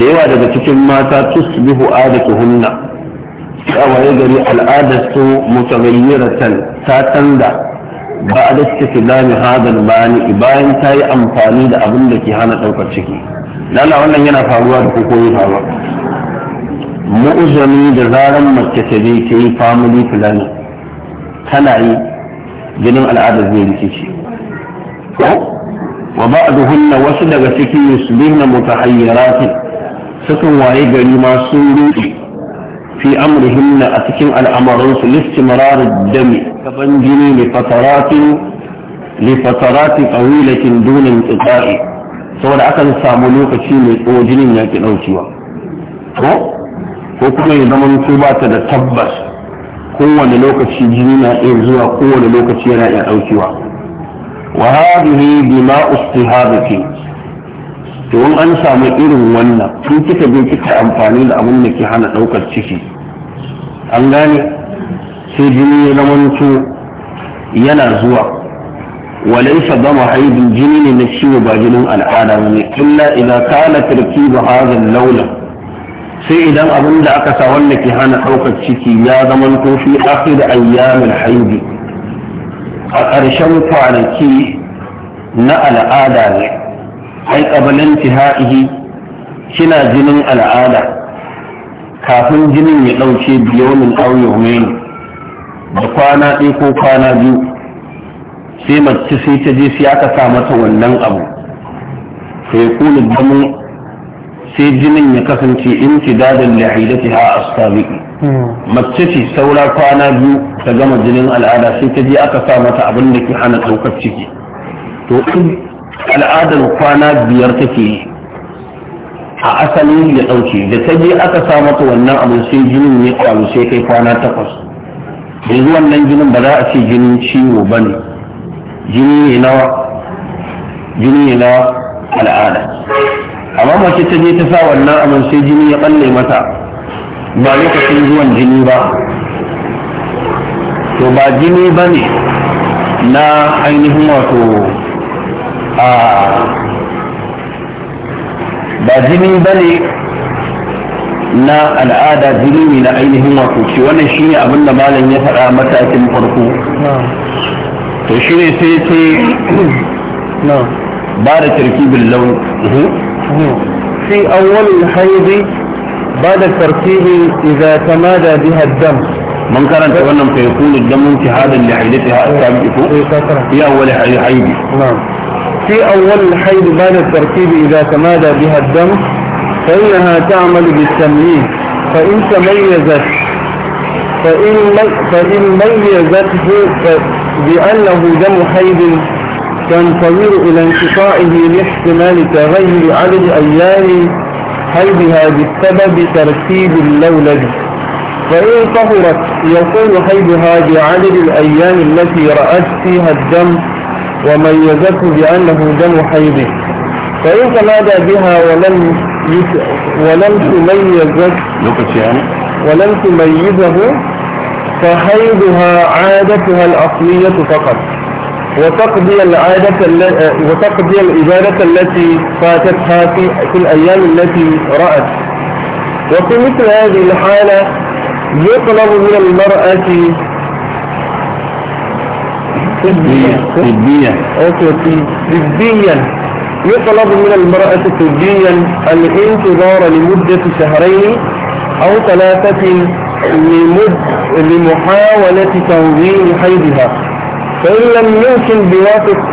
da yawa daga cikin mata tusbihu adatuhunna a waye gari al'adarsu mutaghayyiratan ta canza ba a dace ki dami hadal bani bayan ta yi amfani da abin da ke hana ɗaukar ciki lalla wannan yana faruwa da ko yi faruwa mu'uzami da zaran mace ta je ta yi family planning tana yi jinin al'adar zai rikici wa ba'duhunna wasu daga cikin yusbihna mutahayyiratin sukan waye gari ma sun rudi fi amrihinna a cikin al'amarin su listimrar dami kaban jini li fataratin li fataratin qawilatin dunin inqita'i saboda akan samu lokaci mai tsawo jinin ya ki daukewa ko kuma ya zama ba ta da tabbas kowane lokaci jini na iya zuwa kowane lokaci yana iya ɗaukewa wa hadhihi bima ustihabati to in an samu irin wannan tun kika je kika amfani da abin da ke hana ɗaukar ciki an gane sai jini ya zamanto yana zuwa na دم حيض جنين al'ada باجن Illa إلا إذا كان تركيب هذا اللولب sai idan abin da aka sa wanda ke hana ɗaukar ciki ya zama to fi akhir ayyamin haidi a ƙarshen kwanaki na al'ada ne ai ƙabalin tihaihi kina jinin al'ada kafin jinin ya ɗauke biyomin auyo ne da kwana ɗaya ko kwana biyu sai mace sai ta je sai aka sa mata wannan abu sai kuli damu sai jinin ya kasance imtidadan lihilatiha as-sabiq hmm. mace ce saura kwana biyu ta gama jinin al'ada sai ta je aka sa mata abin da ke hana daukar ciki to al'adar kwana biyar take a asali ya dauke da ta je aka sa mata wannan abin sai jinin ya kwaru sai kai kwana takwas yanzu wannan jinin ba za a ce jinin ciwo ba ne nawa jini ne nawa al'ada amma mace ta je ta sa wannan abin sai jini ya balle mata ba lokacin zuwan jini ba to ba jini ba ne na ainihin wato a ba jini ba ne na al'ada jini ne na ainihin wato ce wannan shi ne abin da malam ya faɗa matakin farko to shi ne sai ce ba da tarkibin launi في أول الحيض بعد الترتيب إذا تمادى بها الدم من كان تغنم فيكون الدم هذا اللي السابقة في أول الحيض نعم في أول الحيض بعد الترتيب إذا تمادى بها الدم فإنها تعمل بالتمييز فإن تميزت فإن, فإن ميزته بأنه دم حيض تنتظر إلى انقطاعه لاحتمال تغير عدد أيام حيضها بسبب ترتيب اللولد فإن طهرت يكون حيضها بعدد الأيام التي رأت فيها الدم وميزته بأنه دم حيض فإن تمادى بها ولم يت... ولم تميز ولم تميزه فحيضها عادتها الأصلية فقط وتقضي العادة آه، وتقضي الإبادة التي فاتتها في الأيام التي رأت وفي مثل هذه الحالة يطلب من المرأة طبيا طبيا يطلب من المرأة طبيا الانتظار لمدة شهرين أو ثلاثة لمحاولة تنظيم حيضها فإن لم يمكن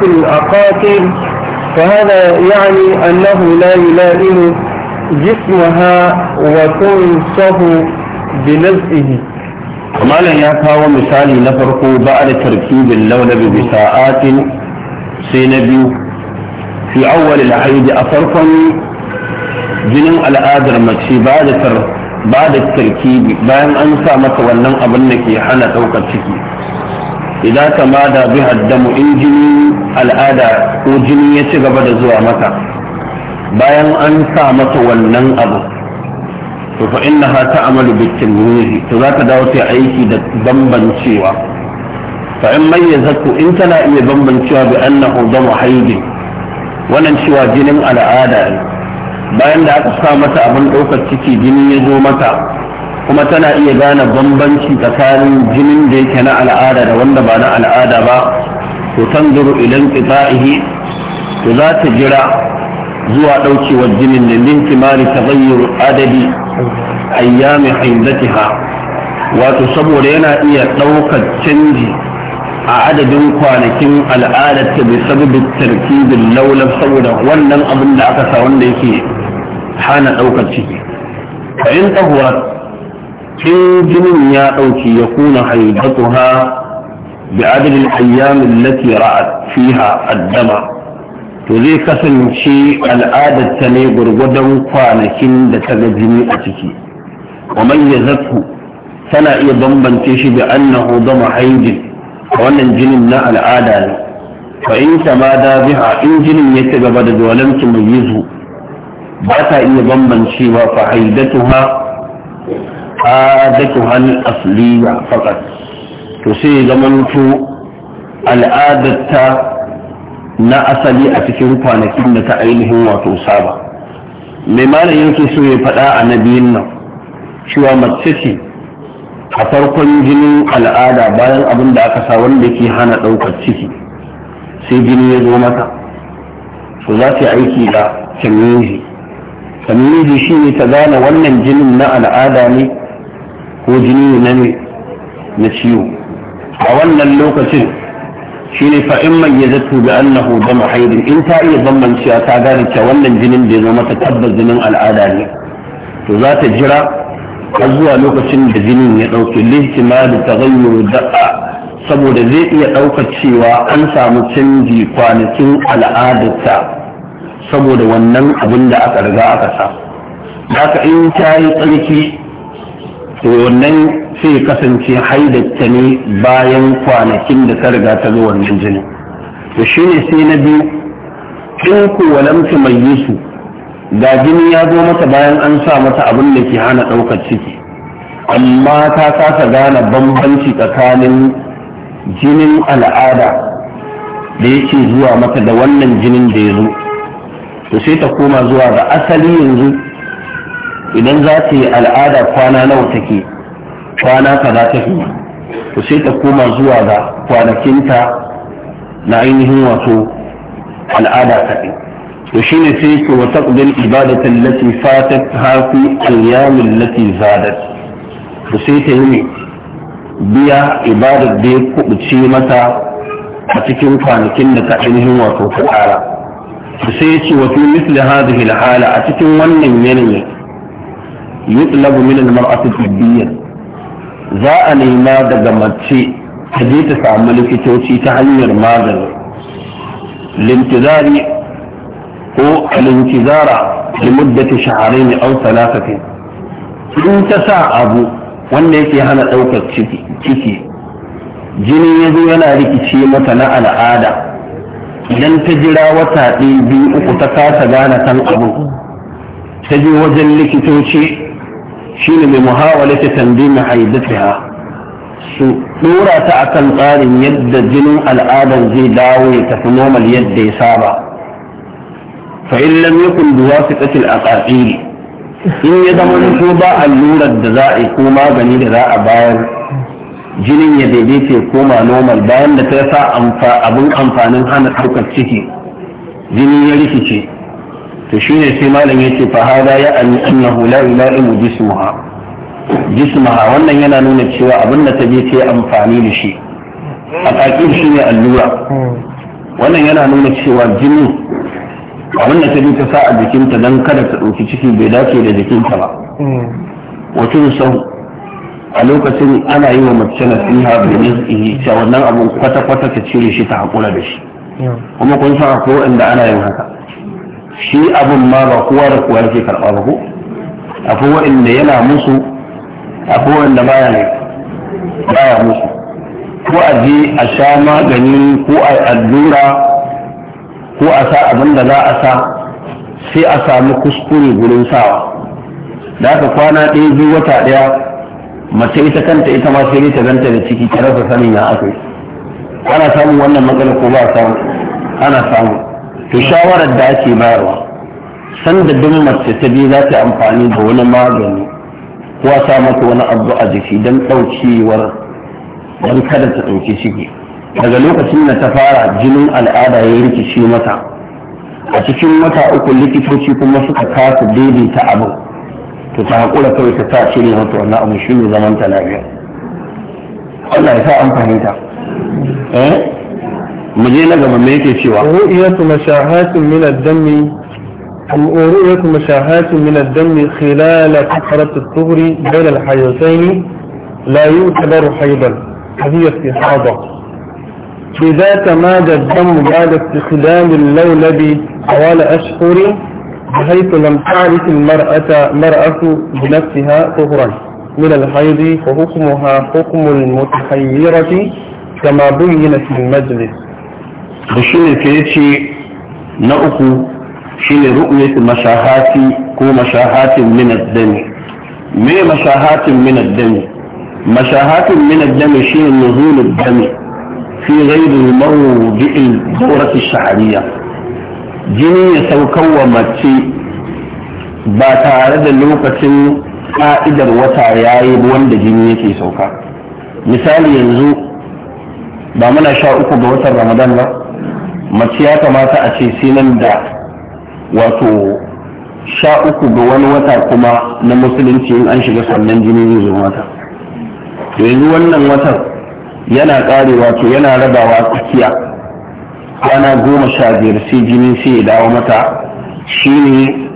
في الأقاتل فهذا يعني أنه لا يلائم جسمها وتنصه بنزئه كما لن يكاو مثالي نفرقو بعد تركيب اللولب بساعات سينبي في أول العيد أفرقني جنم الآدر مكسي بعد, بعد بعد أن سامت ولن أبنك حنا توقف شكي idan kama da bi haddamu in jini al'ada ko jini ya ci gaba da zuwa maka bayan an sa mata wannan abu to fa innaha ta'malu bikin tamyiz to za ka dawo ta aiki da bambancewa fa in mayyazatu in tana iya bambancewa bi annahu damu haidi wannan cewa jinin al'ada ne bayan da aka sa mata abin ɗaukar ciki jini ya zo mata kuma tana iya gane bambanci tsakanin jinin da yake na al'ada da wanda ba na al'ada ba to tanzuru ilan qita'ihi to za ta jira zuwa daukewar jinin nan din kimari tabayyur adadi ayyami haidatiha wato saboda yana iya daukar canji a adadin kwanakin al'adar ta bi sababin tarkibin laulab saboda wannan abin da aka sa wanda yake hana daukar ciki fa in tahurat Tun jinin ya ɗauki ya kuna haibatuha bi adadin ayyamin lati ra'at fiha addama to zai kasance al'adar ta ne gurgudan kwanakin da ta ga jini a ciki wa man yazatu tana iya bambance shi bi annahu dama haidin wannan jinin na al'ada ne fa in da biha in jinin ya ci gaba da dolanci mai yizu ba ta iya bambancewa fa haidatuha al’adakin hannun ya fakat to sai zamanto al’adatta na asali a cikin kwanakin da ta ainihin wato saba mai malayin su su ya faɗa a na nabiyin nan cewa mace ce a farkon jinin al’ada bayan abin da aka sa wanda ke hana ɗaukar ciki sai jini ya zo mata su za su aiki da kyanmiji kyanmiji shi ta gane wannan jinin na al'ada ne ko jini na na ciwo a wannan lokacin shine fain mai ya bi annahu da haidin in ta iya bambancewa ta gane cewa wannan jinin da ya zo mata tabbas jinin al'ada ne to za ta jira har zuwa lokacin da jinin ya ɗauke lihtima da tagayyuru da'a saboda zai iya ɗaukar cewa an samu canji kwanakin al'adarta saboda wannan abin da aka riga aka sa baka in ta yi tsarki to wannan sai kasance haidatta ne bayan kwanakin da ta riga ta zo wannan jini to shine sai na biyu in ku mai yusu ga jini ya zo mata bayan an sa mata abin da ke hana ɗaukar ciki amma ta kasa gane bambanci tsakanin jinin al'ada da yake zuwa mata da wannan jinin da ya zo to sai ta koma zuwa ga asali yanzu idan za ta yi al'ada kwana nawa take kwana ka kaza take to sai ta koma zuwa ga kwanakinta na ainihin wato al'ada kaɗai to shi ne sai ke wata ƙudin ibadatan lati fatat hafi ayyamin lati zadat to sai ta yi ne biya ibadar da ya kubuce mata a cikin kwanakin da ta ainihin wato ta ƙara to sai ya ce wato misli hadhihi al a cikin wannan yanayin yutlabu min al-mar'ati za a nema daga mace ta je ta samu likitoci ta hanyar magani lintizari ko alintizara da muddati shaharaini aw salasati in ta sa abu wanda yake hana ɗaukar ciki jini ya zo yana rikici mata na al'ada idan ta jira wata ɗaya biyu uku ta kasa gane kan abu ta je wajen likitoci shine mai muhawalata tanzimi haidatiha su dora ta akan tsarin yadda jinin al'adan zai dawo ya tafi normal yadda ya saba fa in lam yakun biwasitatil aqaqil in ya zama ko ba allurar da za a yi ko magani da za a bayar jinin ya daidaita koma normal bayan da ta sa abin amfanin hana ɗaukar ciki jini ya rikice to shine sai malam yace fa hada ya anni annahu la ila'imu jismuha jismaha wannan yana nuna cewa abin da ta je ta amfani da shi a taƙir shi ne allura wannan yana nuna cewa jini abin da ta je ta sa a jikinta don kada ta ɗauki ciki bai dace da jikinta ba wato sau a lokacin ana yi wa mace nasiha domin ihi cewa wannan abin kwata-kwata ta cire shi ta haƙura da shi kuma kun san akwai wanda ana yin haka shi abin ma ba kowa da kowa yake karɓa ba ko akwai wanda yana musu akwai wanda baya ne baya musu ko a je a sha magani ko a allura ko a sa abin da za a sa sai a samu kuskure gurin sawa da aka kwana ɗaya biyu wata ɗaya mace ita kanta ita ma sai ta ganta da ciki ta rasa sanin ya akai ana samun wannan matsalar ko ba samu ana samu to shawarar da ake bayarwa sanda duk mace ta biyu za ta amfani da wani magani ko a sa mata wani abu a jiki don ɗaukewar don kada ta ɗauki ciki daga lokacin da ta fara jinin al'ada ya rikici mata a cikin wata uku likitoci kuma suka kasa daidaita abin to ta haƙura kawai ta sa cire mata wannan abu shi ne zaman ta lafiya Allah ya sa an fahimta eh mu je رؤية مشاهات من الدم خلال فترة الطهر بين الحيضين لا يعتبر حيضا هذه استحاضة إذا تمادى الدم بعد استخدام اللولب طوال أشهر بحيث لم تعرف المرأة مرأة بنفسها طهرا من الحيض فحكمها حكم المتحيرة كما بين في المجلس da shi ce na uku shi ne ru'uyat mashahati ko mashahatin min ad-dami me mashahatin min ad-dami mashahatin min ad-dami shi ne nuzul ad-dami fi ghayr al-mawdi' al-dawrah ash-sha'riyah jini ya saukawa mace ba tare da lokacin ka'idar wata yayi wanda jini yake sauka misali yanzu ba muna sha uku ga watan ramadan ba mace ya kamata a ce sai da wato sha uku ga wani wata kuma na musulunci in an shiga sannan jini zai zo mata yanzu wannan watan yana karewa to yana rabawa tsakiya kwana goma sha biyar sai jini sai ya dawo mata shine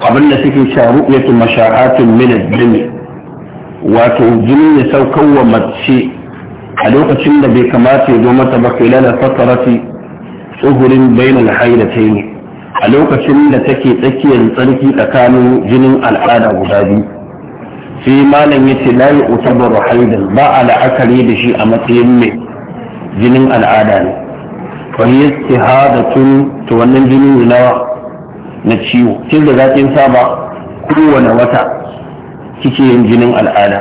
abin da suke sha yake masha'atin min jini, wato jini ya saukar wa mace a lokacin da bai kamata ya zo mata ba kai lana fatarati tsuhurin bainal ne a lokacin da take tsakiyar tsarki tsakanin jinin al'ada guda biyu sai malam ya ce layi utabaru haidan ba a la'akari da shi a matsayin mai jinin al'ada ne fahiyar istihadatun to wannan jinin nawa na ciwo kin da zaƙin saba kowane wata kike yin jinin al'ada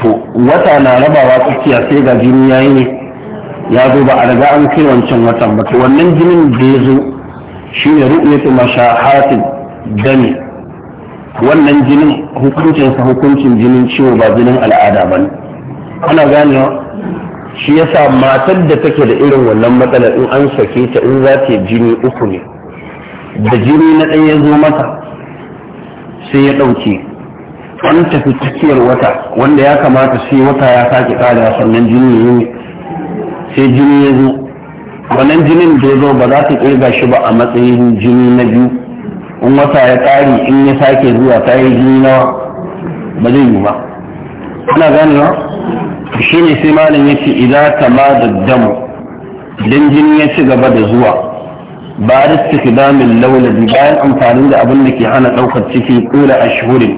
to wata na rabawa tsakiya sai ga jini yayi ne ya zo ba a daga an kai wancan watan ba wannan jinin da ya zo shi ne ru'yatu mashahatin dami wannan jinin hukuncinsa hukuncin jinin ciwo ba jinin al'ada ba ne ana ganewa shi yasa matar da take da irin wannan matsalar in an sake ta in za ta jini uku ne da jini na ɗaya ya zo mata sai ya ɗauke an tafi tsakiyar wata wanda ya kamata sai wata ya sake ƙara sannan jini ne sai jini ya zo wannan jinin da ya zo ba za ta ƙirga shi ba a matsayin jini na biyu in wata ya ƙari in ya sake zuwa ta yi jini na ba zai yi ba ana ganewa shi ne sai malin ya ce idan ta ma da damu idan jini ya ci gaba da zuwa ba da ciki damin laulabi bayan amfanin da abin da ke hana ɗaukar ciki ƙula a shuhurin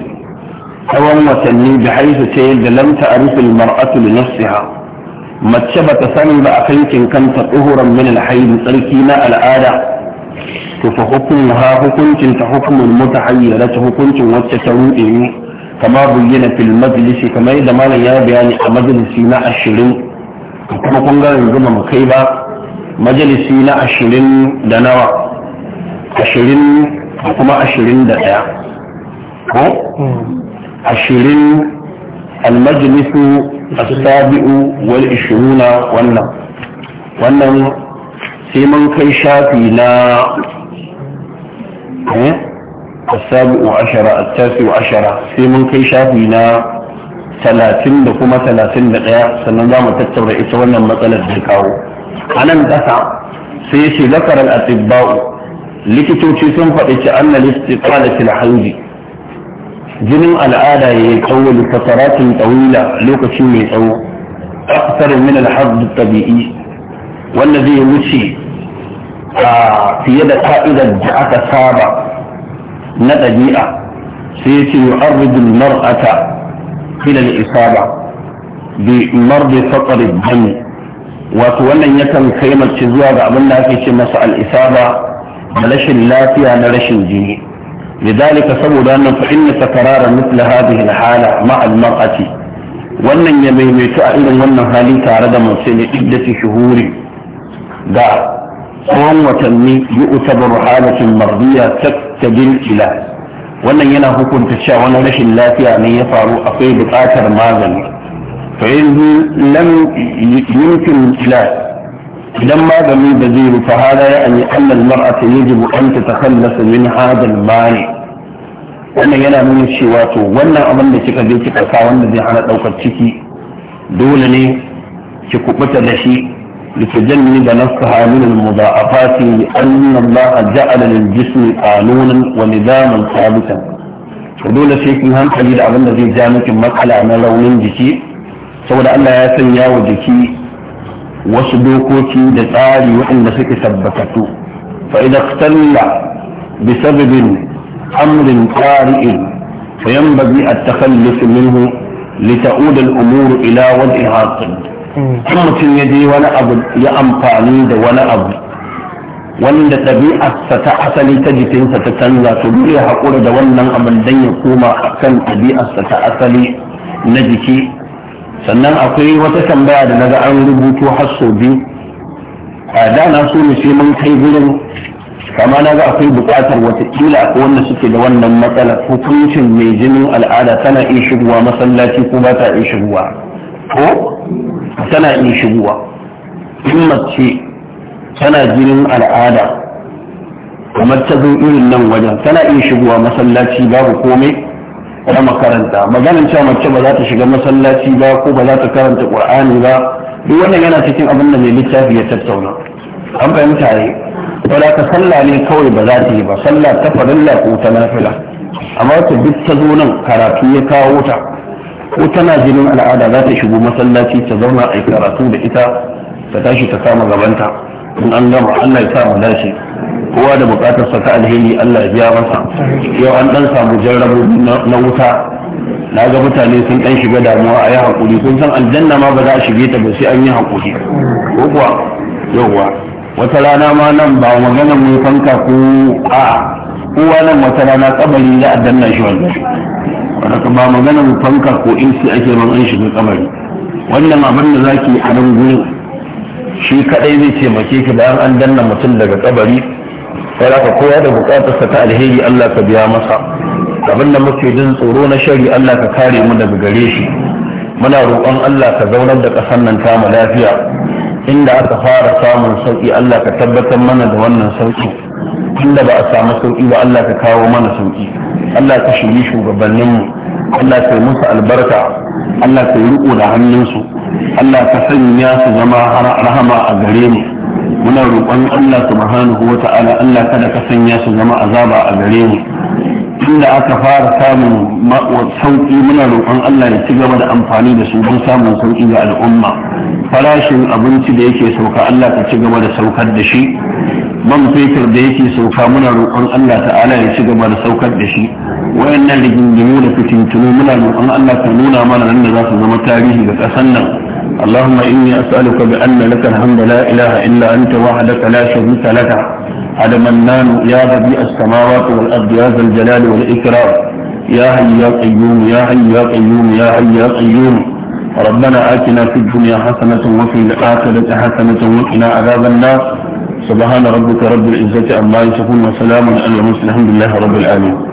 tsawon watanni da haisu ta yadda lamta a rufin mar'atul nasiha mace ba ta sani ba a kankin kanta tsohuran min alhaid tsarki na al'ada to fa hukunha hukuncin ta hukumin mutahayyara ta hukuncin wacce ta ruɗe ni kama bayyana fil majlisi kamar yadda malam ya bayani a majalisi na ashirin kuma kun ga yanzu ba mu kai ba majalisi na ashirin da nawa ashirin kuma ashirin da ɗaya ko hmm. ashirin المجلس السابع والعشرون wannan wannan sai mun kai shafi na eh, السابع عشر التاسع عشر sai mun kai shafi na talatin da kuma talatin da ɗaya sannan za mu tattaura ita wannan matsalar da kawo a nan ƙasa sai shi likitoci sun faɗi ci annal jinin al'ada ya yi tsawon fasaratin ɗawila lokaci mai tsawo aksarin min alhaddu tabi'i wanda zai wuce a fiye da ka'idar da aka saba na ɗabi'a sai ce yu'arridu mar'ata ila al-isaba bi mardi faqr ad-dam wato wannan yakan kai mace zuwa ga abin da ake ce masa al-isaba da rashin lafiya na rashin jini لذلك سبب أن فإن تكرار مثل هذه الحالة مع المرأة wannan ya maimaitu a irin wannan hali tare da mace ne iddati shuhuri da tsawon watanni yi utabar halatin mardiya tattabil ila wannan yana hukunta cewa wani rashin lafiya ne ya faru akwai buƙatar magani fa yanzu lam yumkin ila idan magani ba zai rufa hada ya an yi annal mar'ata yajibu an tatakhallasa min hadal mani wannan yana nuna to wannan abinda kika je kika sa wanda zai hana daukar ciki dole ne ki kubuta da shi litajanni da nasu hamilu muza'afati li anna Allah ja'ala lil jismi qanunan wa nizaman thabitan to dole sai kin hankali da abin da zai ja miki matsala na raunin jiki saboda Allah ya sanya wa jiki wasu dokoki da tsari waɗanda suke tabbatattu fa idza ikhtalla bi أمر طارئ فينبغي التخلص منه لتعود الأمور إلى وضعها قد كم mutum ya je wani abu ya amfani da wani abu wanda ɗabi'arsa ta asali ta jikinsa ta canza to dole haƙura da wannan abin dan ya koma a kan ɗabi'arsa ta asali na jiki sannan akwai wata tambaya da na ga an rubuto har sau biyu a da na so mu sai mun kai gurin kama na ga akwai buƙatar watakila ko wanda suke da wannan matsalar hukuncin mai jinin al'ada tana iya shigowa masallaci ko ba ta iya shigowa ko tana iya shigowa in mace tana jinin al'ada kamar ta zo irin nan wajen tana iya shigowa masallaci babu komai na makaranta maganin cewa mace ba za ta shiga masallaci ba ko ba za ta karanta ƙur'ani ba duk wannan yana cikin abin da mai littafi ya tattauna an fahimta ne to ka sallah ne kawai ba za ta yi ba sallah ta farilla ko ta nafila amma ta duk ta zo nan karatu ya kawo ta ko tana jinin al'ada za ta shigo masallaci ta zauna a karatu da ita ta tashi ta kama gabanta in an gama Allah ya mu dace kowa da bukatar sa ta alheri Allah ya biya masa yau an dan samu jarrabu na wuta na ga mutane sun dan shiga damuwa a yi hakuri kun san aljanna ma ba za a shige ta ba sai an yi hakuri ko kuwa yauwa wata rana ma nan ba magana mai fanka ko a kowa nan wata rana kabari za a danna shi wannan ka ba maganar mai fanka ko in sai ake man an shiga kabari wannan abin da zaki a nan gurin shi kadai zai taimake ki bayan an danna mutum daga kabari sai koya da bukatarsa ta alheri Allah ka biya masa abin da muke jin tsoro na shari Allah ka kare mu daga gare shi muna roƙon Allah ka zaunar da ƙasar nan tamu lafiya inda aka fara samun sauki Allah ka tabbatar mana da wannan sauki inda ba a samu sauki ba Allah ka kawo mana sauki Allah ka shirye shugabanninmu Allah ka yi musu albarka Allah ka yi riko da hannunsu Allah ka sanya su zama rahama a gare mu muna roƙon Allah subhanahu wa ta'ala Allah kada ka sanya su zama azaba a gare mu Inda aka fara samun sauƙi muna roƙon Allah ya ci gaba da amfani da su don samun sauƙi ga al'umma farashin abinci da yake sauka Allah ka ci gaba da saukar da shi man fetur da yake sauka muna roƙon Allah ta'ala ya ci gaba da saukar da shi wayannan rigingimu da fitintunu muna roƙon Allah ka nuna mana nan da za su zama tarihi ga ƙasar nan اللهم إني أسألك بأن لك الحمد لا إله إلا أنت وحدك لا شريك لك على منان يا بديع السماوات والأرض يا ذا الجلال والإكرام يا حي يا قيوم يا حي يا قيوم يا حي يا قيوم ربنا آتنا في الدنيا حسنة وفي الآخرة حسنة وقنا عذاب النار سبحان ربك رب العزة عما يصفون وسلام على المرسلين الحمد لله رب العالمين